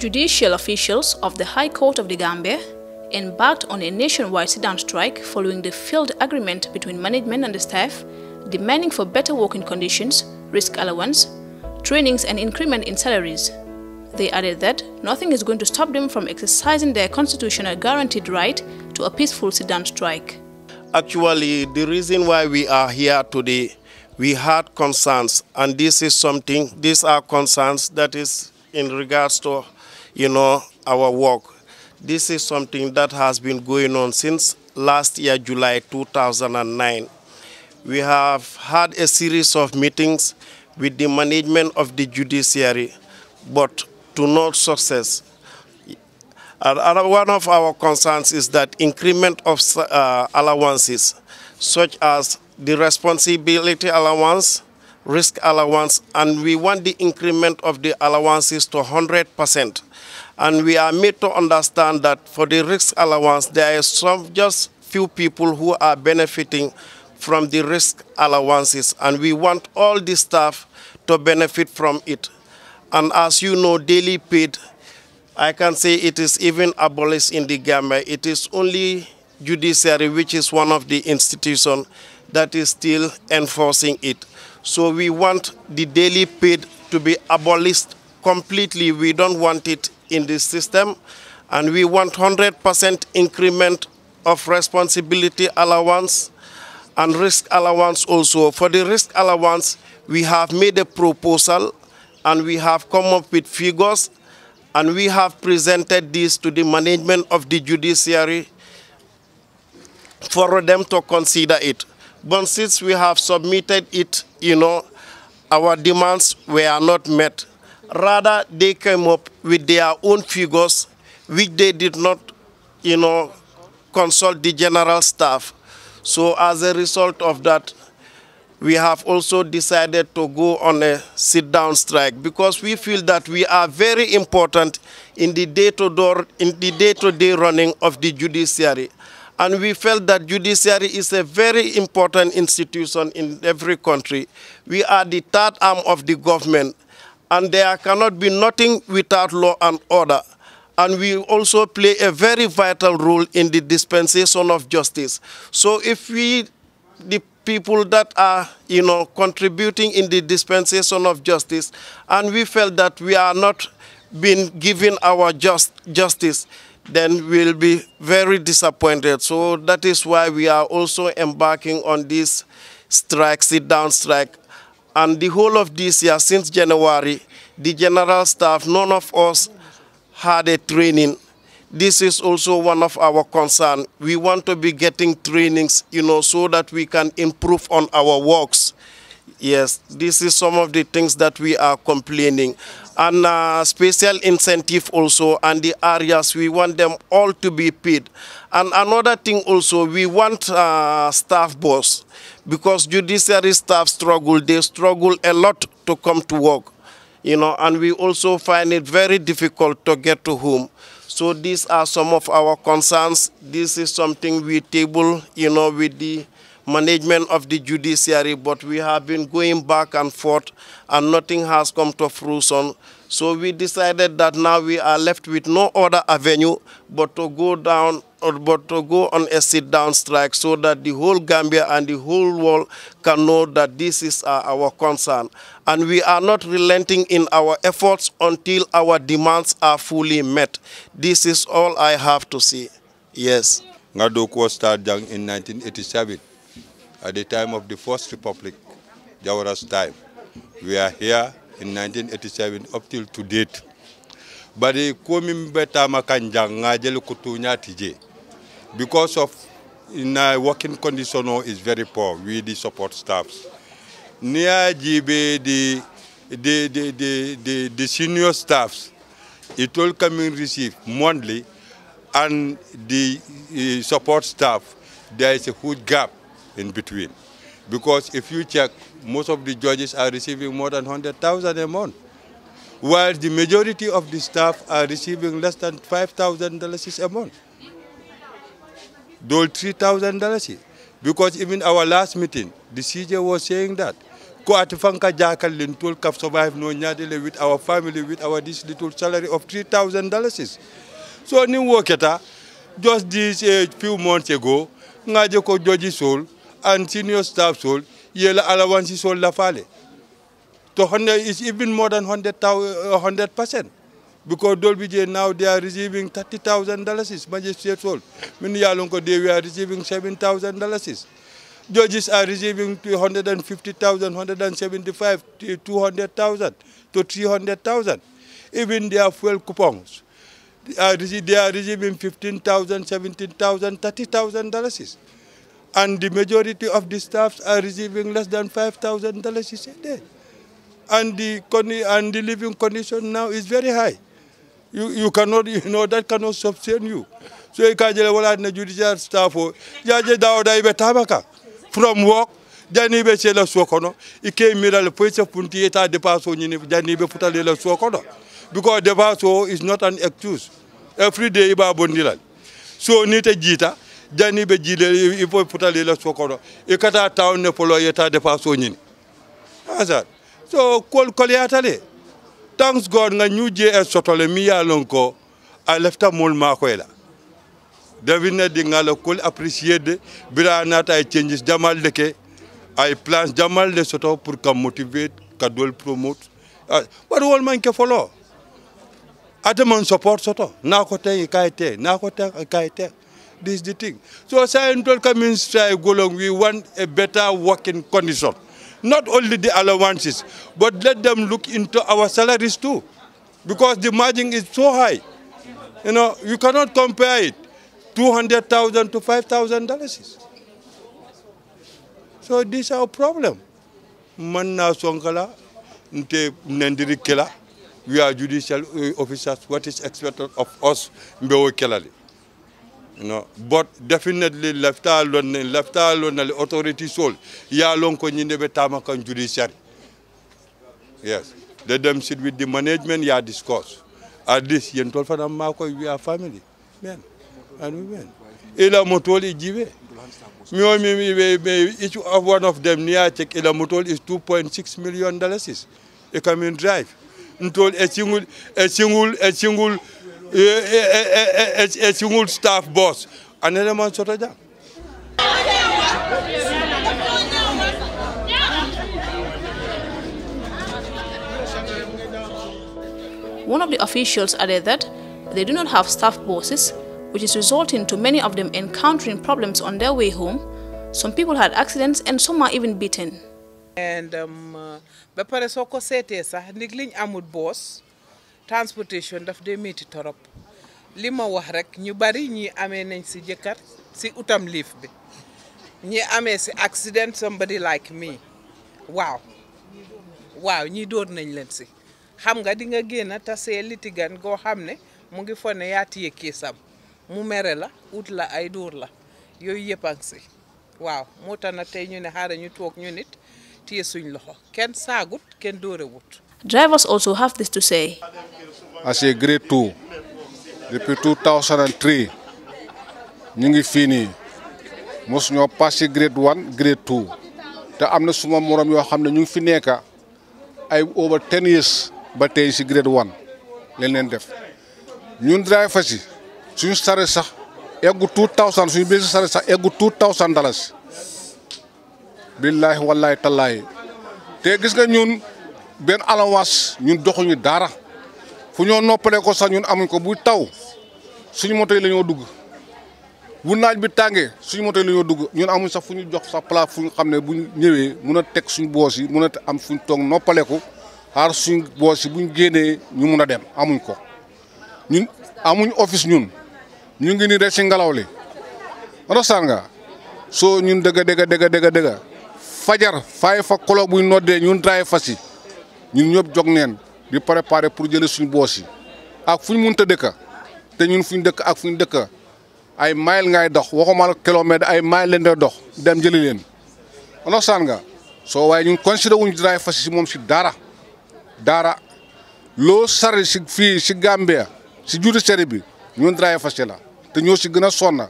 Judicial officials of the High Court of the Gambia embarked on a nationwide sit-down strike following the failed agreement between management and the staff, demanding for better working conditions, risk allowance, trainings and increment in salaries. They added that nothing is going to stop them from exercising their constitutional guaranteed right to a peaceful sit-down strike. Actually, the reason why we are here today, we had concerns, and this is something, these are concerns that is in regards to you know, our work. This is something that has been going on since last year, July 2009. We have had a series of meetings with the management of the judiciary, but to no success. one of our concerns is that increment of uh, allowances, such as the responsibility allowance, risk allowance, and we want the increment of the allowances to 100 percent and we are made to understand that for the risk allowance, there some just few people who are benefiting from the risk allowances. And we want all the staff to benefit from it. And as you know, daily paid, I can say it is even abolished in the Gambia. It is only judiciary, which is one of the institutions that is still enforcing it. So we want the daily paid to be abolished completely. We don't want it in this system. And we want 100% increment of responsibility allowance and risk allowance also. For the risk allowance, we have made a proposal and we have come up with figures and we have presented this to the management of the judiciary for them to consider it. But since we have submitted it, you know, our demands were not met. Rather, they came up with their own figures, which they did not, you know, consult the general staff. So as a result of that, we have also decided to go on a sit-down strike because we feel that we are very important in the day-to-day -day running of the judiciary. And we felt that judiciary is a very important institution in every country. We are the third arm of the government and there cannot be nothing without law and order. And we also play a very vital role in the dispensation of justice. So if we, the people that are, you know, contributing in the dispensation of justice, and we felt that we are not being given our just justice, then we'll be very disappointed. So that is why we are also embarking on this strike, sit down strike, and the whole of this year, since January, the general staff, none of us had a training. This is also one of our concern. We want to be getting trainings, you know, so that we can improve on our works. Yes, this is some of the things that we are complaining and uh, special incentive also and the areas we want them all to be paid and another thing also we want uh, staff boss because judiciary staff struggle they struggle a lot to come to work you know and we also find it very difficult to get to home so these are some of our concerns this is something we table you know with the management of the judiciary, but we have been going back and forth and nothing has come to fruition. So we decided that now we are left with no other avenue but to go down or but to go on a sit-down strike so that the whole Gambia and the whole world can know that this is uh, our concern. And we are not relenting in our efforts until our demands are fully met. This is all I have to say. Yes. Ngadoku was started in 1987 at the time of the First Republic, Jawara's time. We are here in 1987 up till to date. Because of in a working condition oh, is very poor with the support staffs. Near the, the, the, the, the, the senior staffs, it all coming receive monthly and the uh, support staff, there is a huge gap in between. Because if you check, most of the judges are receiving more than 100,000 a month, while the majority of the staff are receiving less than $5,000 a month. Dole $3,000. Because even our last meeting, the CJ was saying that ko ati fanka jakal len kaf survive no nyaadele with our family with our this little salary of $3,000. So ni waketa, just this uh, few months ago ngaje ko joji and senior staff sold yela alawansi sold lafale. So is even uh, percent because Dolby J now they are receiving thirty thousand dollars, magistrate sold. Minyalonko they were receiving seven thousand dollars. Judges are receiving 150,000, 175, 200,000 to 300,000. Even their fuel coupons, they are receiving 15,000, 17,000, 30,000 dollars. And the majority of the staffs are receiving less than $5,000 a day. And the, and the living condition now is very high. You, you cannot, you know, that cannot sustain you. So you can't get a judicial staff or oh. from work jani be cela sokono ike miral poise punti eta depasso ni jani be futale la sokono because depasso is not an excuse every day ba bondilal so ni te jita janiɓe jiile il faut futalila sokoɗo i kata tawne polo yetta dépense o ñini asat so kol kolyatale thanks god nga ñuujee e sotole mi ya lon ko a lefta mol makoye la devine di ngala kol apprécié de bira naata ay changes jamal de ke ay plans jamal de soto pour ka motiver ka dol promote waɗa ah, wol man ke folo adaman support soto naa ko ten i kaye te naa ko ten i this is the thing. So Scientol community Golong, we want a better working condition. Not only the allowances, but let them look into our salaries too. Because the margin is so high. You know, you cannot compare it. 200,000 to 5,000 dollars. So this is our problem. Nte Nendiri Kela, we are judicial uh, officers. What is expected of us, Mbewe Kelali? no but definitely lefta lonne lefta lonnale authority sol ya lonko ñinde ɓe tama kan judiciary yes they dem sit with the management ya discuss at least yen tol fanam ma koye wiya family men and women ila mo tol e jiwe miomi each of one of them niya cek ila mo tol is 2.6 million Et comme kamin drive ntol e singul e singul e singul a, a, a staff boss. Another man shot down. One of the officials added that they do not have staff bosses, which is resulting to many of them encountering problems on their way home. Some people had accidents and some are even beaten. And um, uh, pare soko sété sax nit boss transportation daf dee métti torop li ma wax rek ñu bari ñi amee nañ si jëkkër si utam liif bi ñi amee si accident somebody like me waaw ñii ñi nañ leen si xam nga di nga génn tasee litigan goo xam ne mu ngi fone yaa tiye kiisam mu mere la ut la ay dóor la yooyu yëpp a si waaw moo tax na tey ñu ne xaaral ñu toog ñu nit téye suñ loxo kenn saagut kenn dóorewut Drivers also have this to say. As a grade 2, depuis 2003, ñu fini, fii nii grade one, grade two. te am suma moram yo xam ne ñu fi over 10 years ba tey si grade 1 leen leen def ñun driver si suñu sare sax eggu 2000 suñu biir sare sax eggu 2000 dalasi billahi wallahi tallahi te gis nga ñun ben alawas ñun doxuñu dara fu ñoo noppalee ko sax ñun amuñ ko bu taw suñu moto yi lañoo dugg bu naaj bi tangé suñu moto yi lañoo dugg ñun amuñ sax fu ñu jox sax place fu ñu bu ñëwé mëna tek suñu boss yi mëna am fu ñu toog ko har suñu boss yi bu ñu ñu mëna dem amuñ ko ñun amuñ office ñun ñu ngi ni rek ci ngalaw li understand nga so ñun dega, dega dega dega dega fajar fay fa kolo buy noddee ñun draay fa si ñun ñop jog neen di préparer pour jël suñu boss yi ak fuñ mënta dëkk té ñun fuñ dëkk ak fuñ dëkk ay mile ngay dox waxuma la kilomètre ay mile leen dox dem jël leen san nga so way ñun consider wuñ dray fas ci mom ci dara dara lo sar ci fi ci gambia ci juuti seri bi ñun dray fas la té ñoo ci gëna sonna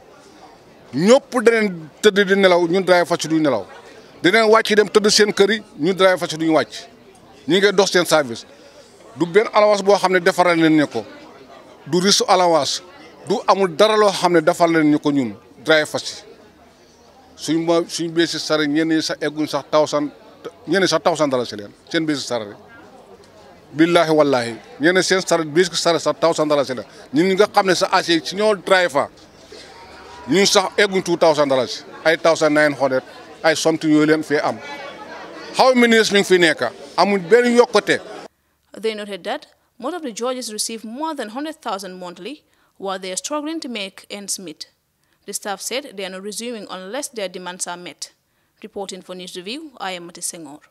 ñop dañen teud di nelaw ñun fas du nelaw dañen wacc dem teud seen kër yi ñun dray fas wacc ñi ngay dox seen service du benn allowance boo xam ne defaral leen ñu ko du risu allowance du amul dara loo xam ne defar leen ñu ko ñun drive fas yi suñ ma suñ bee si sare ñenn ñi sax egguñ sax tawsan ñenn sax tawsan dala si leen seen bee si sare billaahi wallaahi ñenn seen sare bee si sare sax tawsan dala si leen ñun nga xam ne sa acier si ñoo drive fa ñun sax egguñ tuut tawsan dala si ay tawsan nine hundred ay something yooyu leen fee am how many years mi ngi fi nekka They noted that most of the judges receive more than 100,000 monthly while they are struggling to make ends meet. The staff said they are not resuming unless their demands are met. Reporting for News Review, I am Mati Senghor.